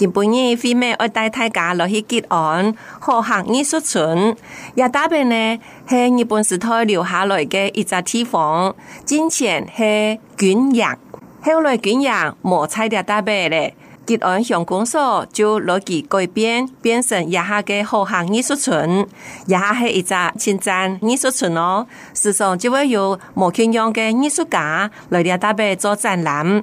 原本呢非咩愛帶太嘎落去吉安，好客藝術村也打牌呢？係日本時代留下來嘅一座地方，金錢黑卷藥，後來卷藥磨菜嘅搭牌咧，吉安鄉公所就邏輯改變，變成以下嘅好客藝術村，以下一座稱讚藝術村哦時常，就會有磨卷樣嘅藝術家來到搭牌做展覽。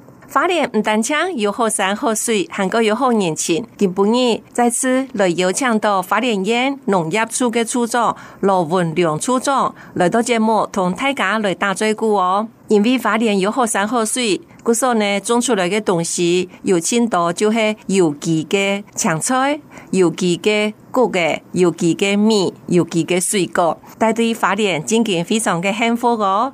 花蓮唔但講有好山好水，還個有好人情。今晡日再次來邀請到花蓮縣農業處的處長羅文龍處長來到節目，同大家來打招呼哦。因為花蓮有好山好水，所以呢種出來的東西有幾多，就是有機的青菜、有機的穀嘅、有機的，的，的米、有機的，的水果，帶對花蓮經濟非常嘅幸福哦。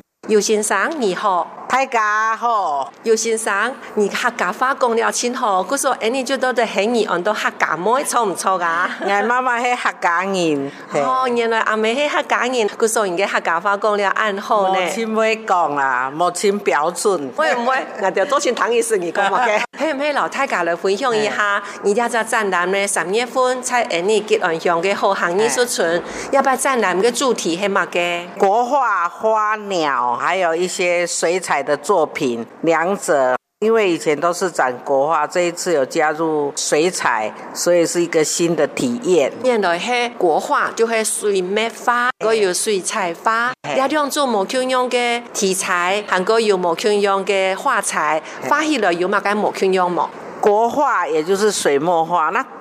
游先生，你好，大家好。游先生，你客家話講了，真好。我說，哎，你做多的喜魚，按到客家妹，錯唔錯啊？俺媽媽係客家人。哦，原來阿妹係客家人。我說，人家客家話講了，安好呢？真錢會講啊，冇錢標準。會唔會？俺就多先談一聲，二講嘛嘅。係唔係？老太太來分享一下，二爹在展覽呢？三月份在哎，吉安鄉個好客藝術村，要不展覽個主題係乜嘅？國畫花鳥。還有一些水彩的作品，兩者因為以前都是展國畫，這一次有加入水彩，所以是一個新的體驗。原來國畫就係水墨畫，個有水彩畫，亞種做唔同嘅題材，含個有唔同嘅畫材，畫起來有咩唔同冇？國畫也就是水墨畫那。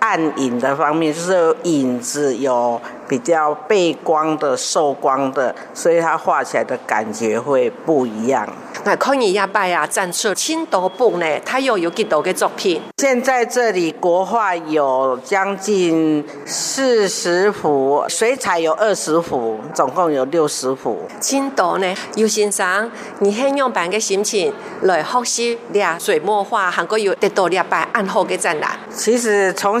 暗影的方面就是影子有比較背光的受光的，所以它畫起來的感覺會不一樣。那看你一拜啊，展出青島布呢，它又有幾多嘅作品？現在這裡國畫有將近四十幅，水彩有二十幅，總共有六十幅。青島呢，游先生，你很用別嘅心情來復習倆水墨畫，韓國有得到兩擺晏綺嘅展覽。其實從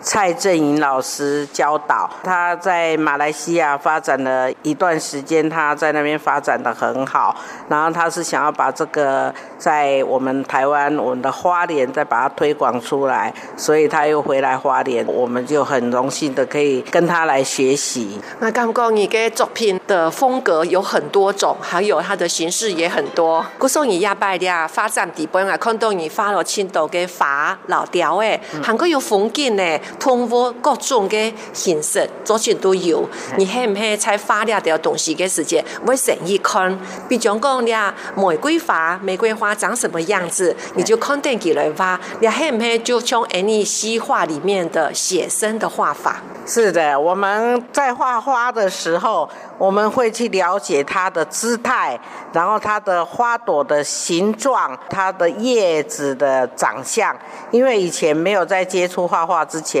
蔡正寅老師教導，他在馬來西亞發展了一段時間，他在那邊發展得很好。然後他是想要把這個在我們台灣我們的花蓮再把它推廣出來，所以他又回來花蓮，我們就很榮幸的可以跟他來學習。那剛剛你嘅作品的風格有很多種，還有它的形式也很多。鼓送你亞伯啲啊，發展地方啊，看到你發了青豆嘅發老調誒、欸，很可以有風景、欸通過各種嘅形式，左前都有，你係唔係在畫兩條東西的世界我成一坑？比如講咧玫瑰花，玫瑰花長什麼樣子，嗯，你就肯定佢人畫。你係唔係就從 any 西畫裏面的寫生的畫法？是的，我們在畫花的時候，我們會去了解它的姿態，然後它的花朵的形狀，它的葉子的長相。因為以前沒有在接觸畫畫之前。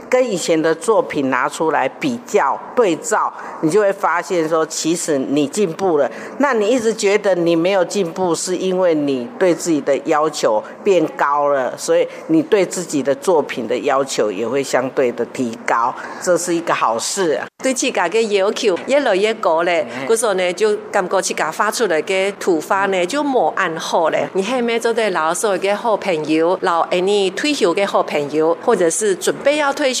跟以前的作品拿出來比較對照，你就會發現說，其實你進步了。那你一直覺得你沒有進步，是因為你對自己的要求變高了，所以你對自己的作品的要求也會相對的提高，這是一個好事啊。對自己的要求越來越高嘞，嗰時候呢，嗯、就感覺過去發出來嘅突發呢，就冇按好了。你還沒做對老少嘅好朋友，老誒，你退休的好朋友，或者是準備要退休？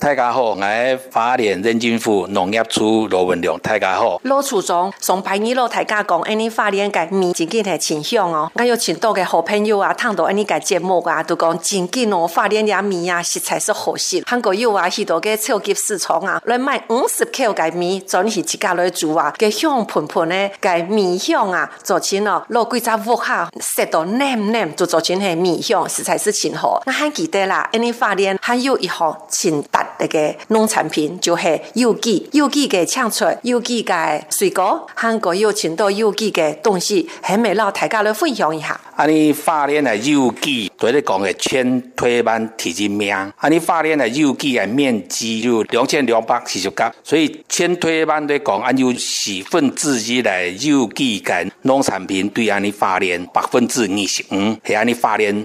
大家好，我是花蓮縣政府農業處羅文龍，大家好。老處長，上百年羅大家講，安尼花蓮嘅麵真嘅太清香哦。我有請多的好朋友啊，探討安尼嘅節目啊，都講真嘅哦，花蓮嘅麵啊，實在是好食。韓國友啊，許多超級市場啊，來賣五十克的面，全是自家來做啊，香噴噴的嘅米香啊，做成了落幾隻鍋下，食到黏黏，就做成了麵香，實在是很好。那我還記得啦，安尼花蓮還有一項，請大。那個農產品就是有機，有機的產出，有機的水果，還有有好多有機的東西，希望老大家來分享一下。安、啊、你花蓮嘅有機對、啊、你講嘅全台灣第一名，安你花蓮嘅有機嘅面積就兩千兩百四十九，所以全台灣對講按照十分之一來有機嘅農產品對安、啊、你花蓮百分之二十五係安、啊、你花蓮。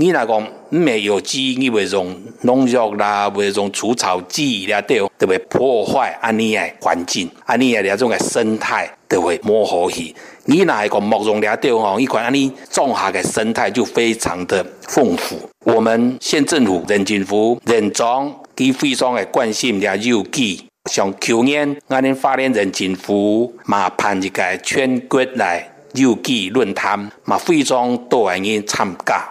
你若講沒有機，你會用農藥啦，會用除草劑啦，對哦，都會破壞安尼誒環境，安尼誒那種誒生態都會模糊去。你若一個沒用啦，對吼一看安尼種下嘅生態就非常的豐富。嗯、我們縣政府、人民政府、人長，佮非常嘅關心嘅有機。像去年，安尼花蓮人民政府嘛辦一個全國來有機論壇，嘛非常都個人參加。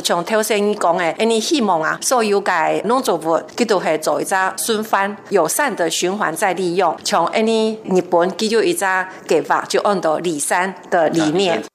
從頭先你講的，a 希望啊，所有嘅農作物佢都係做一隻循環，友善的循環再利用，從 a 日本佢就一隻計劃，就按到里山的理念。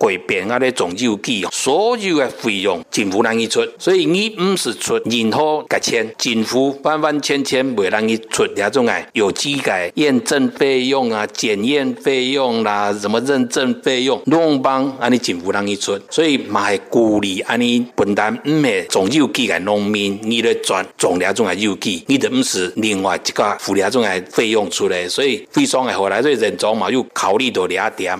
改變啊，咧種有機哦，所有嘅費用政府讓伊出，所以你唔是出任何個錢，政府完完全全袂讓伊出。另外種哎，有機嘅驗證費用啊，檢驗費用啦，什麼認證費用，攏幫安尼政府讓伊出。所以嘛係鼓勵安尼本底唔係種有機嘅農民，你咧轉種了種係有機，你都唔是另外一家付了種哎費用出來，所以非常誒好來，所以人種嘛又考慮到兩點。